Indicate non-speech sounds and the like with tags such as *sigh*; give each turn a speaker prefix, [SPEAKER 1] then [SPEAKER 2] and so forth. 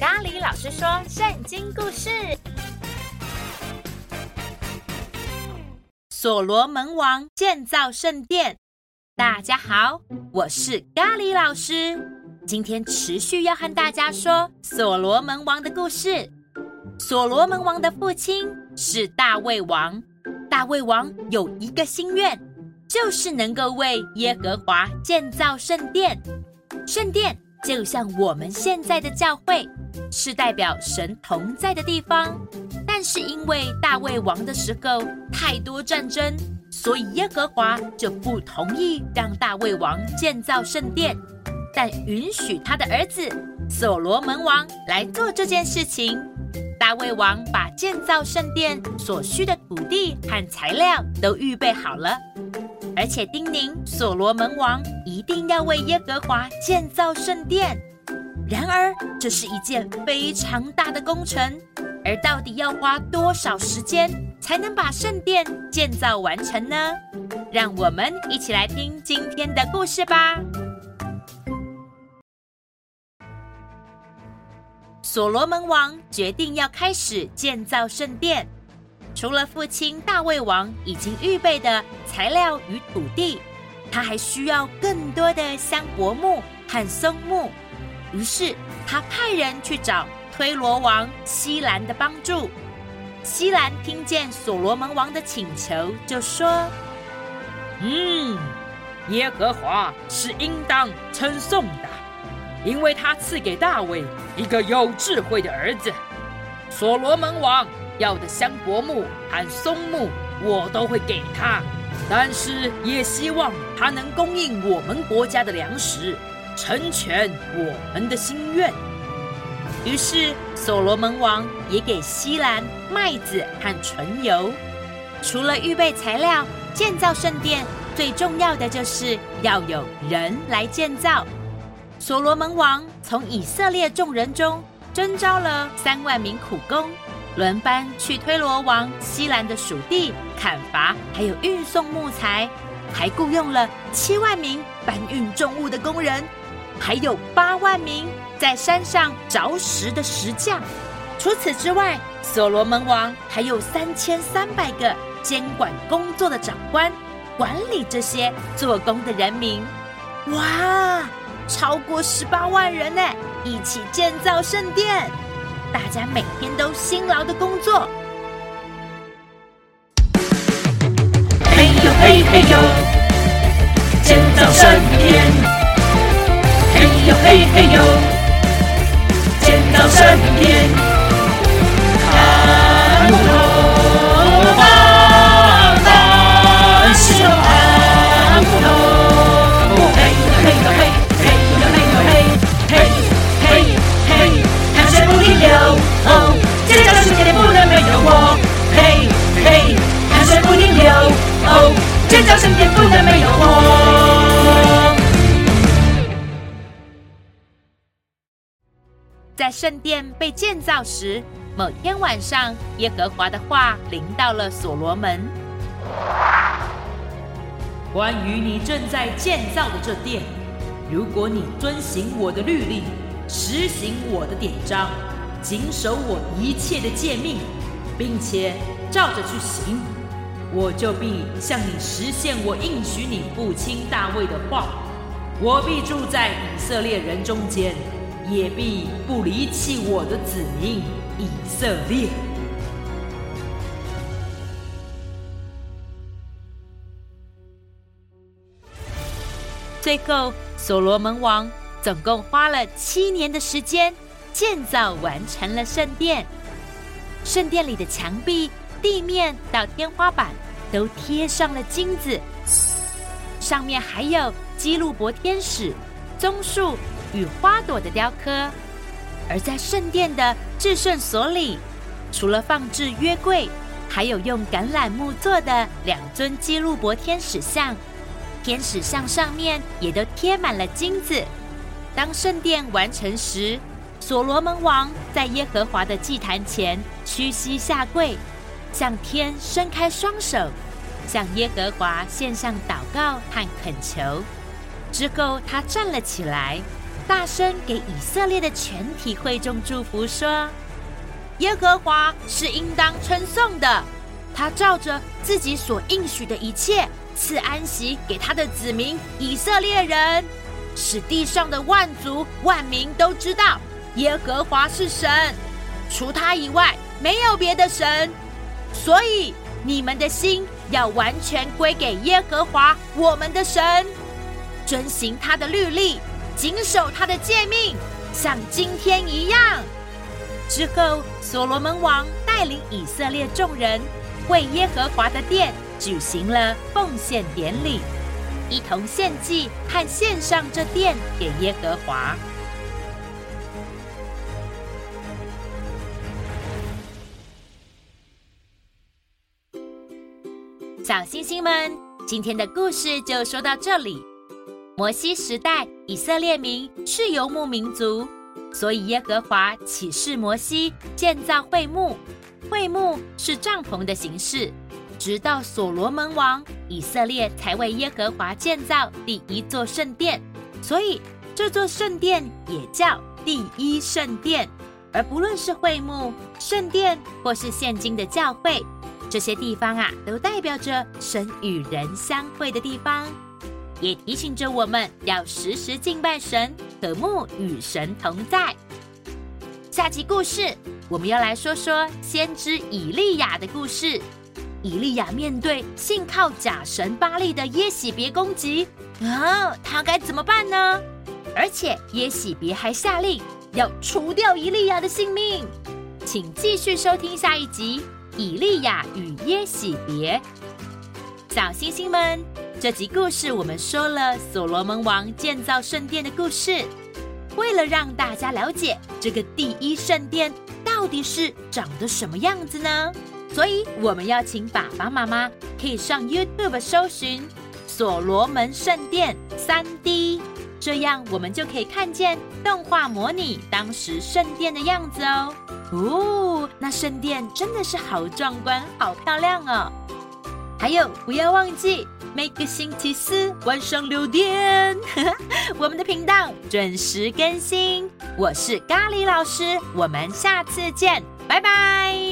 [SPEAKER 1] 咖喱老師說聖經故事：所羅門王建造聖殿。大家好，我是咖喱老師。今天持續要和大家說所羅門王的故事。所羅門王的父親是大衛王，大衛王有一個心願，就是能夠為耶和華建造聖殿。聖殿。就像我們現在的教會是代表神同在的地方，但是因為大衛王的時候太多戰爭，所以耶和華就不同意讓大衛王建造聖殿，但允許他的兒子所羅門王來做這件事情。大衛王把建造聖殿所需的土地和材料都預備好了。而且叮嚀所羅門王一定要為耶和華建造聖殿。然而，這是一件非常大的工程，而到底要花多少時間才能把聖殿建造完成呢？讓我們一起來聽今天的故事吧。所羅門王決定要開始建造聖殿。除了父親大衛王已經預備的材料與土地，他還需要更多的香柏木和松木。於是他派人去找推羅王希蘭的幫助。希蘭聽見所羅門王的請求，就說：“嗯，耶和華是應當稱頌的，因為他賜給大衛一個有智慧的兒子，所羅門王。”要的香柏木、和松木，我都會給他，但是也希望他能供應我們國家的糧食，成全我們的心願。於是，所羅門王也給希蘭麥子和純油。除了預備材料建造聖殿，最重要的就是要有人來建造。所羅門王從以色列眾人中徵召了三萬名苦工。輪班去推羅王希蘭的屬地砍伐，還有運送木材，還雇傭了七萬名搬運重物的工人，還有八萬名在山上鑿石的石匠。除此之外，所羅門王還有三千三百個監管工作的長官，管理這些做工的人民。哇，超過十八萬人呢，一起建造聖殿。大家每天都辛勞的工作。嘿呦嘿嘿呦，建造聖殿。嘿呦嘿嘿呦，建造聖殿。聖殿被建造時，某天晚上，耶和華的話臨到了所羅門：“關於你正在建造的這殿，如果你遵行我的律例，實行我的典章，謹守我一切的誡命，並且照着去行，我就必向你實現我應許你父親大衛的話，我必住在以色列人中間。”也必不離棄我的子民以色列。最後，所羅門王總共花了七年的時間建造完成了聖殿。聖殿裡的牆壁、地面到天花板都貼上了金子，上面還有基路伯天使、棕樹。與花朵的雕刻，而在聖殿的至聖所裡，除了放置約櫃，還有用橄欖木做的兩尊基路伯天使像，天使像上面也都貼滿了金子。當聖殿完成時，所羅門王在耶和華的祭壇前屈膝下跪，向天伸開雙手，向耶和華獻上禱告和懇求。之後，他站了起來。大聲給以色列的全體會眾祝福說：“耶和華是應當稱頌的，他照着自己所應許的一切賜安息給他的子民以色列人，使地上的萬族萬民都知道耶和華是神，除他以外沒有別的神。所以你們的心要完全歸給耶和華我們的神，遵行他的律例。”謹守他的誡命，像今天一樣。之後，所羅門王帶領以色列眾人，為耶和華的殿舉行了奉獻典禮，一同獻祭和獻上這殿給耶和華。小星星們，今天的故事就說到這裡。摩西時代，以色列民是游牧民族，所以耶和華啟示摩西建造會幕，會幕是帳篷的形式，直到所羅門王，以色列才為耶和華建造第一座聖殿。所以這座聖殿也叫第一聖殿。而不論是會幕、聖殿，或是現今的教會，這些地方啊，都代表着神與人相會的地方。也提醒着我們要時時敬拜神，渴慕與神同在。下集故事我們要來說說先知以利亞的故事。以利亞面對信靠假神巴力的耶洗別攻擊，啊、哦，他該怎麼辦呢？而且耶洗別還下令要除掉以利亞的性命，請繼續收聽下一集《以利亞與耶洗別》。小星星們，這集故事我們說了所羅門王建造聖殿的故事。為了讓大家了解這個第一聖殿到底是長得什麼樣子呢？所以，我們邀請爸爸媽媽可以上 YouTube 搜尋“所羅門聖殿 3D”，這樣我們就可以看見動畫模擬當時聖殿的樣子哦。哦，那聖殿真的是好壯觀、好漂亮哦！還有，不要忘記每個星期四晚上六點， *laughs* 我們的頻道準時更新。我是咖喱老師，我們下次見，拜拜。